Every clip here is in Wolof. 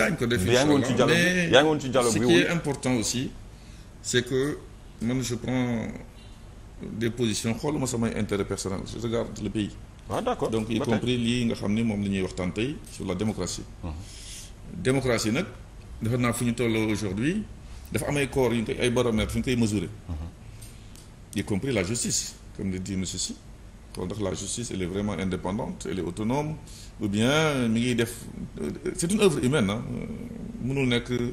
daañu ko def. yaa ngi woon ci dialogue bi yaa ngi woon ci dialogue bi. ce qui est important aussi c'est que man je prends des positions xooluma samay intérêt personnel je regarde le pays. ah d'accord donc y compris lii nga xam ni moom la ñuy waxtaan tey sur la démocratie. Mhm. démocratie nag dafa naa fu ñu tolloo aujourd'hui dafa am ay corps yu ñu koy ay baromètres fu ñu koy mesurer. Mhm. y la justice comme le dit monsieur Sy. kon ndax la justice elle est vraiment indépendante elle est autonome ou bien mi ngi def euh, c'est une œuvre humaine ah mënul nekk euh,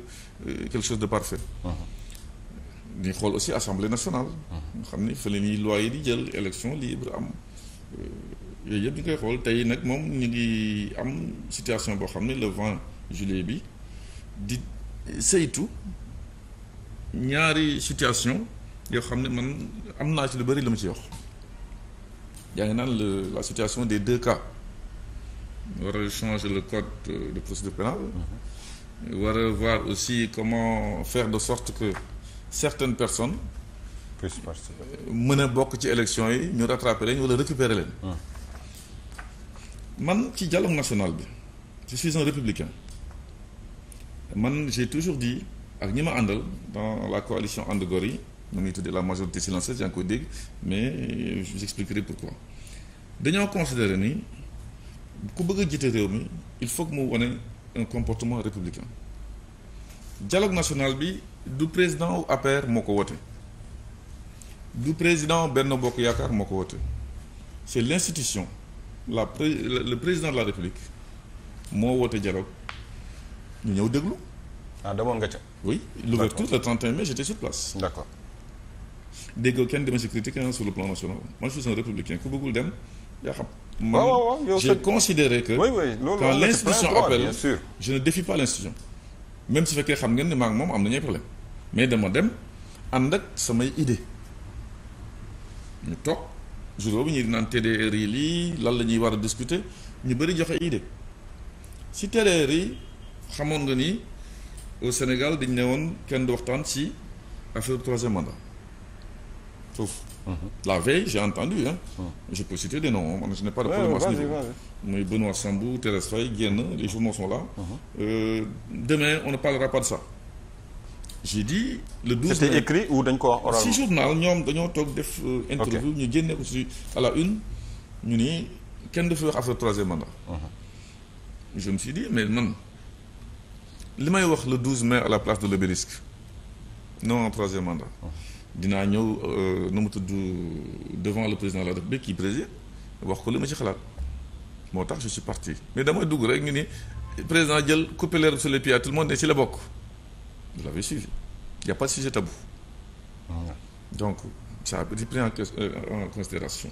quelque chose de parfait uh-huh. di xool aussi assemblée nationale uh-huh. xam ni fa nii ñuy loi yi di jël élection libre am yooyu yëpp ñu koy xool tey nag moom ñu ngi am situation boo xam ne le 20 juillet bi di saytu ñaari situation yoo xam ne man am naa ci lu bëri la mu ci yox yaa ngi naan la situation des deux cas war a changer le code de procédure pénale war a voir aussi comment faire de sorte que certaines personnes euh, mën a bokk ci élection yi ñu rattraper leen wala récupérer leen ah. man ci dialogue national bi ci suis un républicain man j'ai toujours dit ak ñi ma àndal dans la coalition And Gueuli mu ngi tuddee la majorité silencieuse yaa ngi koy dégg mais je vous expliquerai pourquoi dañoo considérer nii ku bëgg a jiite réew mi il faut que mu wane un comportement républicain dialogue national bi du président APR moo ko woote du président Benno Bokk Yaakaar moo ko woote c'est l'institution la pré le président de la République moo woote dialogue ñu ñëw déglu. ah demoon nga ca. oui l'ouverture le 31 mai j'étais sur place. déggoo kenn demee si critique sur le plan national moi je suis un républicain ku bëggul dem yaa xam. waaw waaw yow que. oui oui loolu quand je ne défie pas l'institution même su fekkee xam ngeen ne maa moom am na nañu problème mais dama dem ànd ak samay idée ñu toog jour boobu ñu naan TDR yi lii lan la ñuy war a discuter ñu bëri joxe idée si TDR yi xamoon nga nii au Sénégal dañ ne woon kenn du waxtaan si affaire troisième mandat. foofu. la veille j'ai entendu hein. je peux citer des je n'ai pas de problème à ce niveau. muy Benoît Sambou Thérèse Faye génn les journaux sont là. Uh-huh. Euh, demain on ne parlera pas de ça. j'ai dit le 12 mai c'était ou dañ ko wax oralement. si journal ñoom dañoo toog def. Euh, interview ñu génne ko si à la une ñu ni kenn dafa wax affaire troisième mandat. Uh-huh. je me suis dit mais man li may wax le 12 mai à la place de l'obélisque non troisième mandat. Uh-huh. dinaa ñëw euh, nu mu tudd devant le président la République qui préside wax ko li ma ci xalaat moo tax je suis parti mais dama dugg rek ñu ni président jël couper l'herbe sous les pieds à tout le monde ne ci la bokk vous l'avez suivi il y a pas de sujet tabou ah donc euh, en considération